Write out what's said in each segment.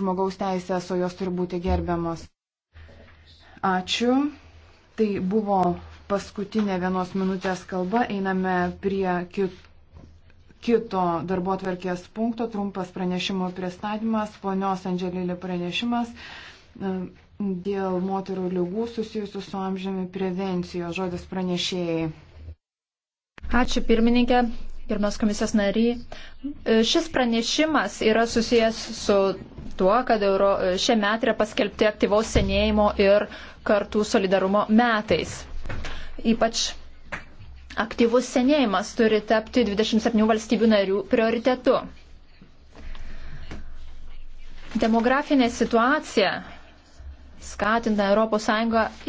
žmogaus teisės, o jos turi būti gerbiamos. Ačiū. Tai buvo paskutinė vienos minutės kalba. Einame prie kit, kito darbo atverkės punkto. Trumpas pranešimo pristatymas. Ponios Andželėlė pranešimas e, dėl moterų lygų susijusių su amžiumi prevencijos. Žodis pranešėjai. Ačiū pirmininkė. Gerbiamas komisijos nariai, e, šis pranešimas yra susijęs su tuo, kad Euro, e, šie metai yra paskelbti aktyvaus senėjimo ir kartų solidarumo metais. Ypač aktyvus senėjimas turi tapti 27 valstybių narių prioritetu. Demografinė situacija skatina ES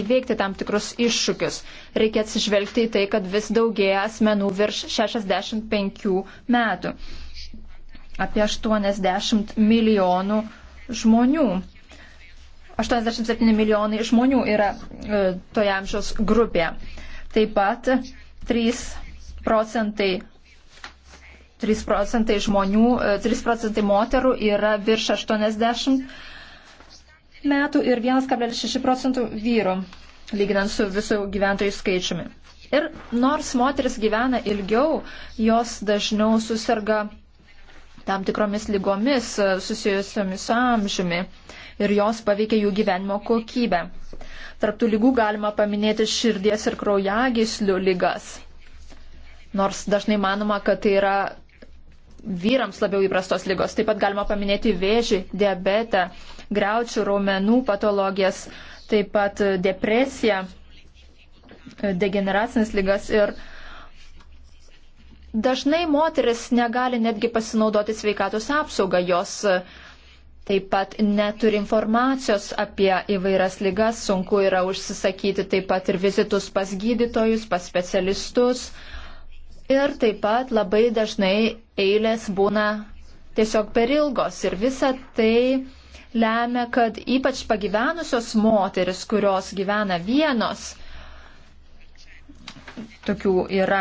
įveikti tam tikrus iššūkius. Reikia atsižvelgti į tai, kad vis daugėja asmenų virš 65 metų. Apie 80 milijonų žmonių. 87 milijonai žmonių yra e, toje amžiaus grupėje. Taip pat 3 procentai 3 procentai žmonių, 3 e, procentai moterų yra virš 80 metų ir 1,6 procentų vyrų, lyginant su visų gyventojų skaičiumi. Ir nors moteris gyvena ilgiau, jos dažniau susirga tam tikromis lygomis e, susijusiomis su amžiumi ir jos paveikia jų gyvenimo kokybę. Tarptų lygų galima paminėti širdies ir kraujagyslių lygas. Nors dažnai manoma, kad tai yra vyrams labiau įprastos lygos. Taip pat galima paminėti vėžį, diabetą, greučių, raumenų patologijas, taip pat e, depresiją, e, degeneracinės lygas ir dažnai moteris negali netgi pasinaudoti sveikatos apsaugą, jos e, taip pat neturi informacijos apie įvairias lygas, sunku yra užsisakyti taip pat ir vizitus pas gydytojus, pas specialistus. Ir taip pat labai dažnai eilės būna tiesiog per ilgos ir visa tai lemia, kad ypač pagyvenusios moteris, kurios gyvena vienos, tokių yra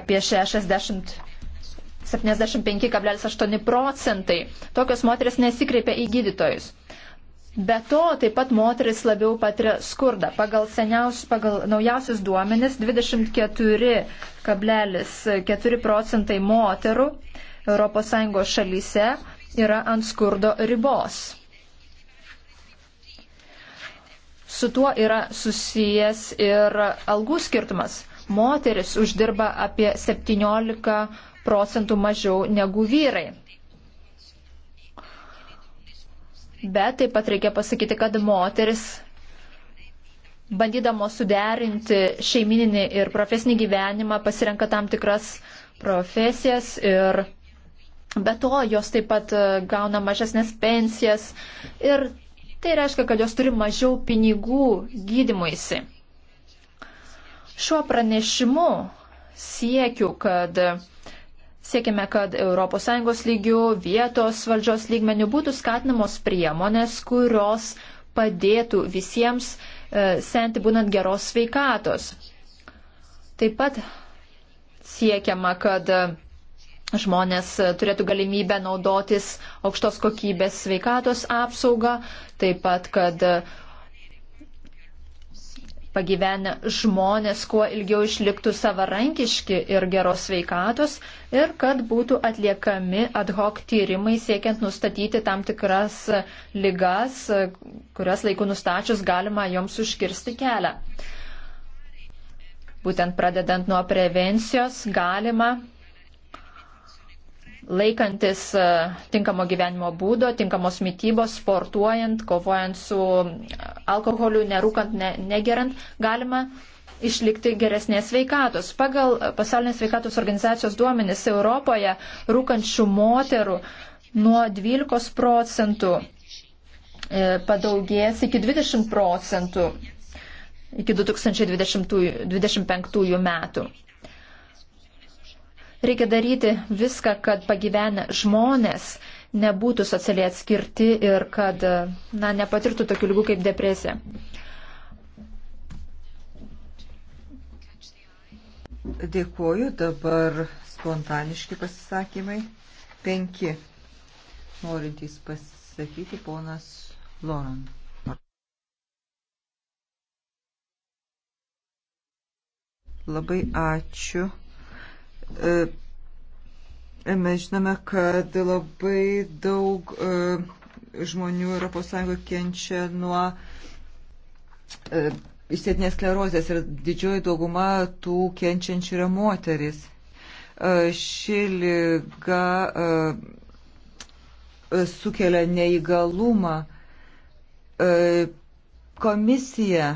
apie 60. 75,8 procentai tokios moteris nesikreipia į gydytojus. Be to, taip pat moteris labiau patiria skurdą. Pagal, seniaus, pagal naujausius duomenis 24,4 procentai moterų ES šalyse yra ant skurdo ribos. Su tuo yra susijęs ir algų skirtumas. Moteris uždirba apie 17 procentų mažiau negu vyrai. Bet taip pat reikia pasakyti, kad moteris, bandydamos suderinti šeimininį ir profesinį gyvenimą, pasirenka tam tikras profesijas ir be to jos taip pat e, gauna mažesnės pensijas ir tai reiškia, kad jos turi mažiau pinigų gydimuisi. Šiuo pranešimu siekiu, kad Siekime, kad ES lygių, vietos valdžios lygmenių būtų skatinamos priemonės, kurios padėtų visiems e, senti būnant geros sveikatos. Taip pat siekiama, kad e, žmonės e, turėtų galimybę naudotis aukštos kokybės sveikatos apsaugą, taip pat, kad pagyvenę žmonės kuo ilgiau išliktų savarankiški ir geros sveikatos ir kad būtų atliekami ad hoc tyrimai siekiant nustatyti tam tikras lygas, kurias laiku nustačius galima joms užkirsti kelią. Būtent pradedant nuo prevencijos galima laikantis e, tinkamo gyvenimo būdo, tinkamos mytybos, sportuojant, kovojant su alkoholiu, nerūkant, ne, negerant, galima išlikti geresnės sveikatos. Pagal pasaulinės sveikatos organizacijos duomenis Europoje rūkančių moterų nuo 12 procentų e, padaugės iki 20 procentų iki 2025 metų. Reikia daryti viską, kad pagyvenę žmonės nebūtų socialiai atskirti ir kad na, nepatirtų tokių lygų kaip depresija. Dėkuoju, dabar spontaniški pasisakymai. Penki norintys pasisakyti ponas Loran. Labai ačiū. E, mes žinome, kad labai daug e, žmonių ES kenčia nuo e, išsėtinės sklerozės ir didžioji dauguma tų kenčiančių yra moteris. Ši lyga sukelia neįgalumą. Komisija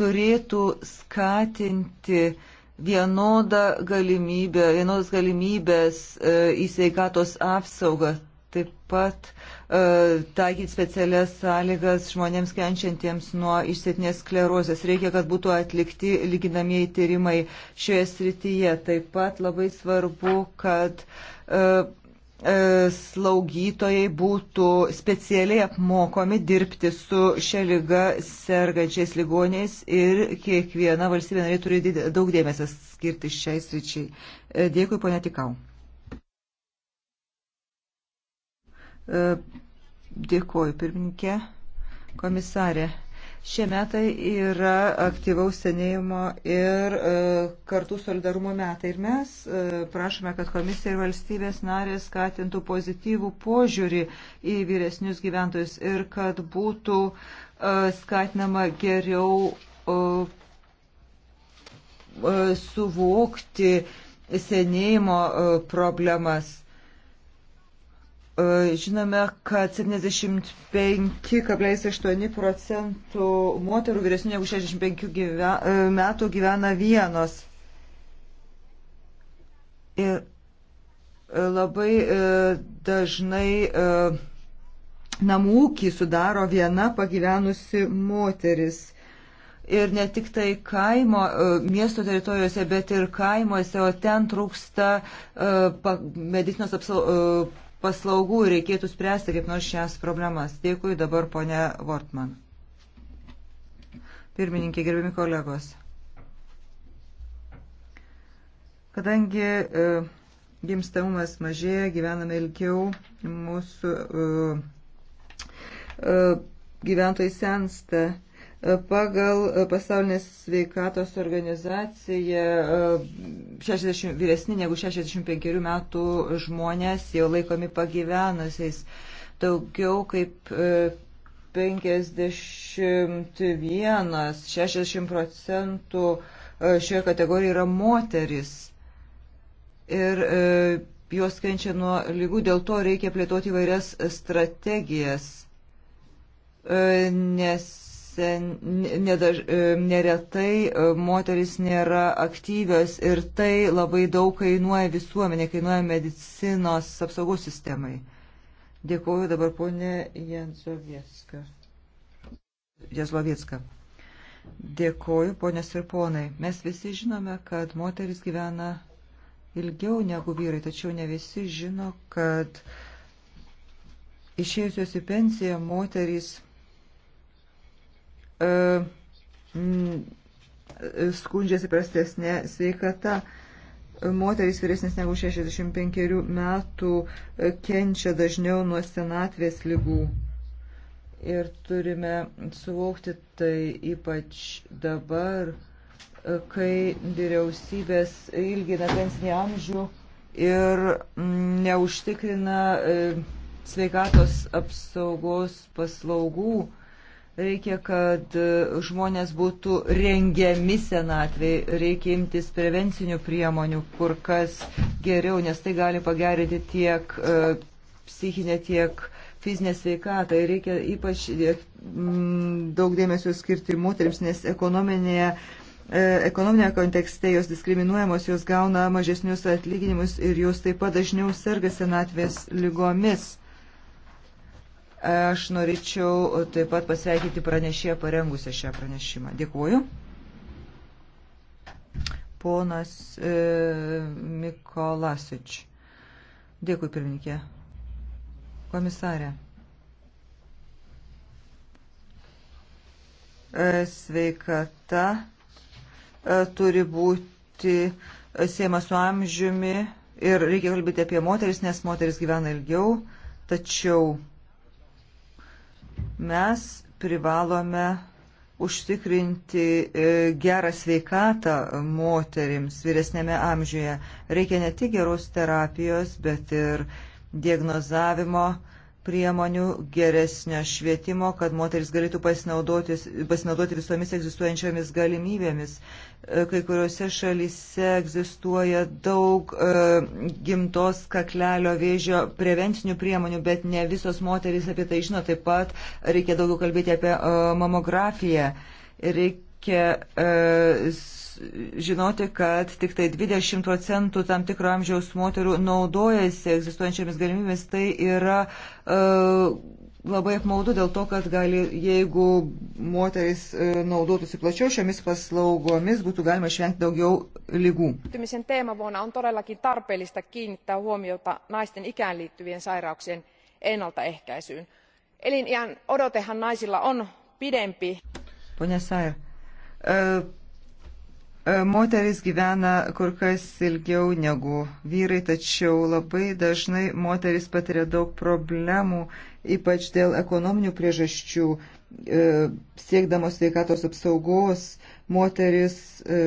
turėtų skatinti uh, vienodą galimybę, vienodas galimybės e, į sveikatos apsaugą, taip pat e, taikyti specialias sąlygas žmonėms kenčiantiems nuo išsėtinės sklerozės. Reikia, kad būtų atlikti lyginamieji tyrimai šioje srityje. Taip pat labai svarbu, kad e, E, slaugytojai būtų specialiai apmokomi dirbti su šia lyga sergančiais ligoniais ir kiekviena valstybė narė turi daug dėmesio skirti šiai sričiai. E, dėkui, ponia Tikau. E, Dėkuoju, pirmininkė, komisarė. Šie metai yra aktyvaus senėjimo ir e, kartų solidarumo metai. Ir mes e, prašome, kad komisija ir valstybės narės skatintų pozityvų požiūrį į vyresnius gyventojus ir kad būtų e, skatinama geriau e, e suvokti senėjimo e, problemas E, žinome, kad 75,8 procentų moterų vyresnių negu 65 gyven, e, metų gyvena vienos. Ir e, labai dažnai namų ūkį sudaro viena pagyvenusi moteris. Ir ne tik tai kaimo, miesto teritorijose, bet ir kaimuose, o ten trūksta medicinos apsaugos paslaugų ir reikėtų spręsti kaip nors šias problemas. Dėkui dabar ponė Vortman. Pirmininkė, gerbimi kolegos. Kadangi e, gimstamumas mažėja, gyvename ilgiau, mūsų e, e, gyventojai sensta. Pagal e, pasaulinės sveikatos organizaciją 60, e, vyresni negu 65 metų žmonės jau laikomi pagyvenusiais. Daugiau kaip 51, e, 60 procentų šioje kategorijoje yra moteris. Ir jos kenčia nuo lygų, dėl to reikia plėtoti įvairias strategijas, nes sen, nedaž, e, neretai e, moteris nėra aktyvios ir tai labai daug kainuoja visuomenė, kainuoja medicinos apsaugos sistemai. Dėkuoju dabar ponė Jensovieska. Jeslovietska. Dėkuoju, ponės ir ponai. Mes visi žinome, kad moteris gyvena ilgiau negu vyrai, tačiau ne visi žino, kad išėjusios į pensiją moterys E, skundžiasi prastesnė sveikata. Moterys vyresnės negu 65 metų kenčia dažniau nuo senatvės lygų. Ir turime suvokti tai ypač dabar, kai vyriausybės ilgina pensinį amžių ir neužtikrina e, sveikatos apsaugos paslaugų Reikia, kad e, žmonės būtų rengiami senatviai, reikia imtis prevencinių priemonių kur kas geriau, nes tai gali pagerinti tiek e, psichinę, tiek fizinę sveikatą. Ir reikia ypač e, daug dėmesio skirti moteriams, nes ekonominėje ekonominėje kontekste jos diskriminuojamos, jos gauna mažesnius atlyginimus ir jos taip pat dažniau serga senatvės lygomis. Aš norėčiau taip pat pasveikinti pranešėją parengusią šią pranešimą. Dėkuoju. Ponas e, Mikolasič. Dėkui, pirmininkė. Komisarė. E, sveikata e, turi būti siejama su amžiumi ir reikia kalbėti apie moteris, nes moteris gyvena ilgiau, tačiau Mes privalome užtikrinti e, gerą sveikatą moterims vyresnėme amžiuje. Reikia ne tik geros terapijos, bet ir diagnozavimo, priemonių geresnio švietimo, kad moteris galėtų pasinaudoti, pasinaudoti visomis egzistuojančiomis galimybėmis. E, kai kuriuose šalyse egzistuoja daug e, gimtos kaklelio vėžio prevencinių priemonių, bet ne visos moteris apie tai žino. Taip pat reikia daugiau kalbėti apie e, mamografiją. Reikia e, žinoti, kad tik tai 20 procentų tam tikro amžiaus moterų naudojasi egzistuojančiamis galimybėmis. Tai yra uh, labai apmaudu dėl to, kad gali, jeigu moteris e, naudotųsi plačiau šiomis paslaugomis, būtų galima išvengti daugiau lygų. Tymisen teemavuonna on todellakin tarpeellista kiinnittää huomiota naisten ikään liittyvien sairauksien ennaltaehkäisyyn. Eliniän odotehan naisilla on pidempi. Pone Sair, E, moteris gyvena kur kas ilgiau negu vyrai, tačiau labai dažnai moteris patiria daug problemų, ypač dėl ekonominių priežasčių. E, siekdamos sveikatos apsaugos, moteris e,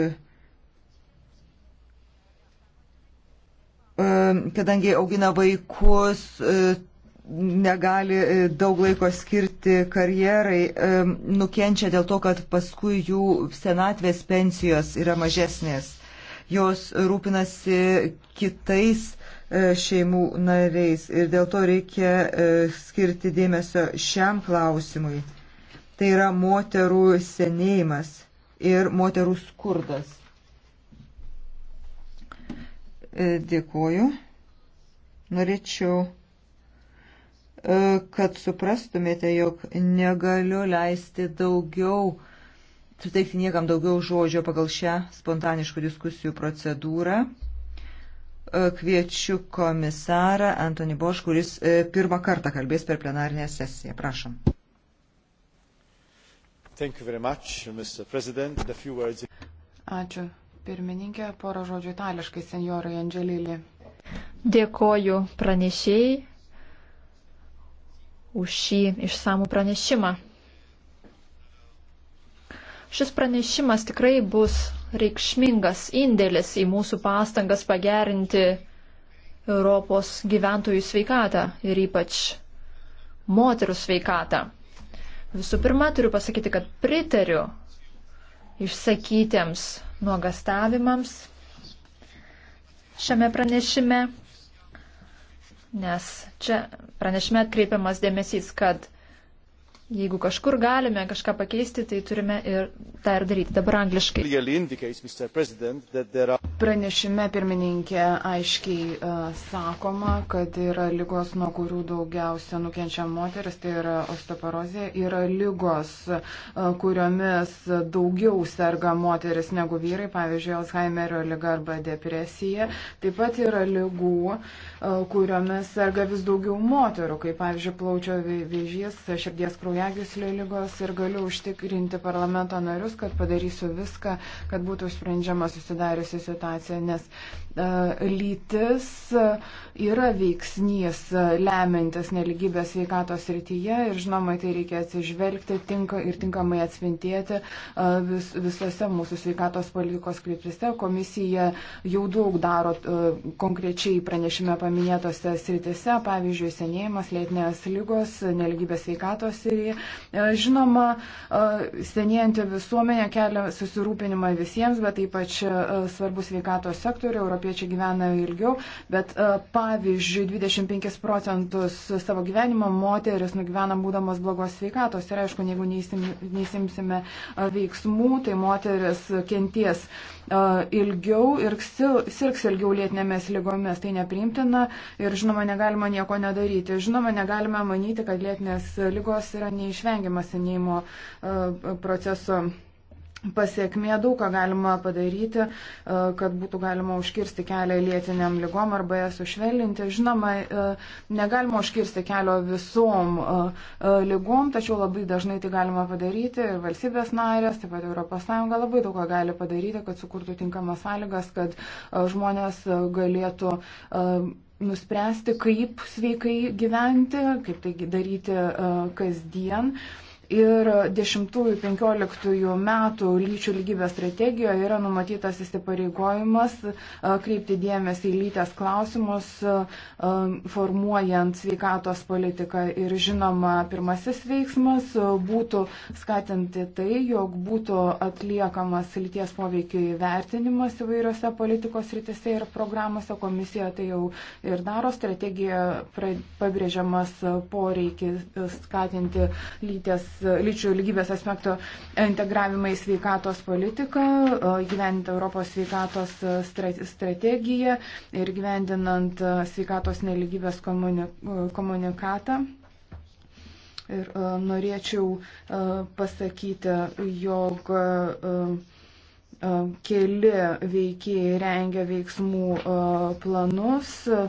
kadangi augina vaikus, negali e, daug laiko skirti karjerai, e, nukenčia dėl to, kad paskui jų senatvės pensijos yra mažesnės. Jos rūpinasi kitais e, šeimų nariais ir dėl to reikia skirti dėmesio šiam klausimui. Tai yra moterų senėjimas ir moterų skurdas. Dėkuoju. Norėčiau E, kad suprastumėte, jog negaliu leisti daugiau, suteikti niekam daugiau žodžio pagal šią spontaniškų diskusijų procedūrą. E, kviečiu komisarą Antoni Boš, kuris e, pirmą kartą kalbės per plenarinę sesiją. Prašom. Much, words... Ačiū. Pirmininkė, poro žodžių itališkai, senjorai Andželylį. Dėkoju pranešėjai už šį išsamų pranešimą. Šis pranešimas tikrai bus reikšmingas indėlis į mūsų pastangas pagerinti Europos gyventojų sveikatą ir ypač moterų sveikatą. Visų pirma, turiu pasakyti, kad pritariu išsakytiems nuogastavimams šiame pranešime Nes čia pranešime atkreipiamas dėmesys, kad jeigu kažkur galime kažką pakeisti, tai turime ir tą ir daryti. Dabar angliškai. Pranešime pirmininkė aiškiai uh, sakoma, kad yra lygos, nuo kurių daugiausia nukenčia moteris, tai yra osteoporozė, yra lygos, uh, e, kuriomis daugiau serga moteris negu vyrai, pavyzdžiui, Alzheimerio lyga arba depresija. Taip pat yra lygų, uh, e, kuriomis serga vis daugiau moterų, kaip pavyzdžiui, plaučio vėžys, širdies kraujagyslio lygos ir galiu užtikrinti parlamento narius, kad padarysiu viską, kad būtų sprendžiama susidariusi situacija situaciją, nes e, lytis e, yra veiksnys e, lemiantis neligybės veikatos rytyje ir žinoma, tai reikia atsižvelgti tinka ir tinkamai atspintėti vis, visose mūsų sveikatos politikos kryptise. Komisija jau daug daro konkrečiai pranešime paminėtose sritise, pavyzdžiui, senėjimas, lėtinės lygos, neligybės veikatos ir žinoma, senėjanti visuomenė kelia susirūpinimą visiems, bet ypač svarbus veikatos sveikatos sektorių, europiečiai gyvena ilgiau, bet e, pavyzdžiui, 25 procentus savo gyvenimo moteris nugyvena būdamas blogos sveikatos ir aišku, jeigu neįsim, neįsimsime e, veiksmų, tai moteris kenties e, ilgiau ir sirgs ilgiau lėtinėmis lygomis. Tai nepriimtina ir žinoma, negalima nieko nedaryti. Žinoma, negalime manyti, kad lėtinės lygos yra neišvengiamas senėjimo proceso pasiekmė daug ką galima padaryti, e, kad būtų galima užkirsti kelią lėtiniam lygom arba jas sušvelninti. Žinoma, e, negalima užkirsti kelio visom e, lygom, tačiau labai dažnai tai galima padaryti ir valstybės narės, taip pat ES labai daug ką gali padaryti, kad sukurtų tinkamas sąlygas, kad žmonės galėtų nuspręsti, kaip sveikai gyventi, kaip tai daryti kasdien. Uh, Ir 10-15 metų lyčių lygybės strategijoje yra numatytas įsipareigojimas e, kreipti dėmesį į lytės klausimus, e, e, formuojant sveikatos politiką. Ir žinoma, pirmasis veiksmas būtų skatinti tai, jog būtų atliekamas lyties poveikio įvertinimas įvairiose politikos rytise ir programuose. Komisija tai jau ir daro. Strategija pabrėžiamas poreikis skatinti lytės lyčių lygybės aspekto integravimą į sveikatos politiką, gyventi Europos sveikatos e, strategiją ir gyvendinant e, sveikatos neligybės e, komunikatą. Ir norėčiau pasakyti, jog E, keli veikiai rengia veiksmų e, planus, e,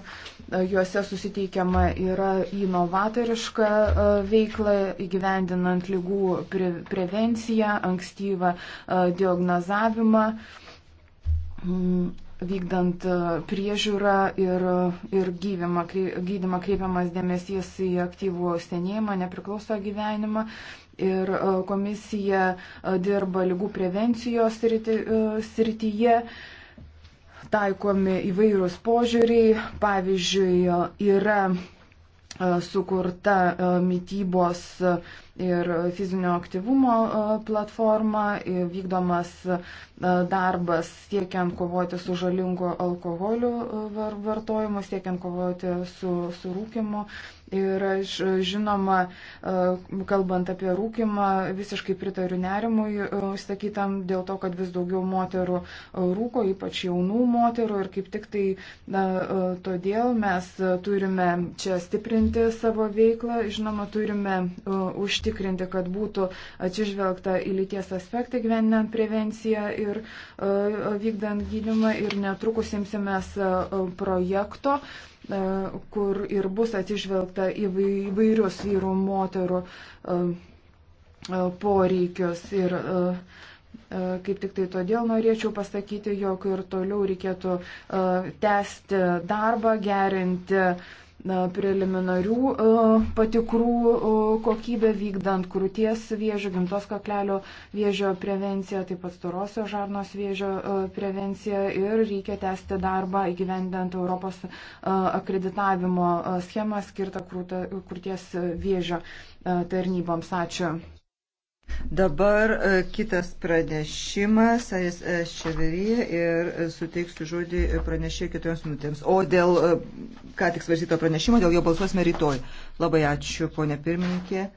juose susiteikiama yra inovatoriška veikla, įgyvendinant lygų prevenciją, ankstyvą diagnozavimą, vykdant priežiūrą ir, ir gydimą, gydimą kreipiamas dėmesys į aktyvų senėjimą, nepriklauso gyvenimą ir e, komisija e, dirba lygų prevencijos e, srityje. Taikomi įvairūs požiūriai, pavyzdžiui, yra sukurta mytybos ir fizinio aktyvumo e, platforma, vykdomas e, darbas siekiant kovoti su žalingu alkoholiu e, vartojimu, siekiant kovoti su, su rūkimu. Ir aš žinoma, kalbant apie rūkimą, visiškai pritariu nerimui, sakytam, dėl to, kad vis daugiau moterų rūko, ypač jaunų moterų. Ir kaip tik tai na, todėl mes turime čia stiprinti savo veiklą, žinoma, turime užtikrinti užtikrinti, kad būtų atsižvelgta į lyties aspektą gyvenant prevenciją ir e, vykdant gydimą ir netrukus imsimės e, projekto e, kur ir bus atsižvelgta į vairius vyrų moterų poreikius. Ir kaip tik tai todėl norėčiau pasakyti, jog ir toliau reikėtų tęsti darbą, gerinti uh, preliminarių e, patikrų e, kokybę vykdant krūties vėžio, gimtos kaklelio vėžio prevenciją, taip pat storosios žarnos vėžio e, prevenciją ir reikia tęsti darbą įgyvendant Europos akreditavimo schemą skirtą krūties vėžio tarnyboms. Ačiū. Dabar e, kitas pranešimas, Ais e, Ševerija ir e, suteiksiu žodį pranešėjai keturioms minutėms. O dėl ką tik svarstyto pranešimo, dėl jo balsuosime rytoj. Labai ačiū, ponė pirmininkė.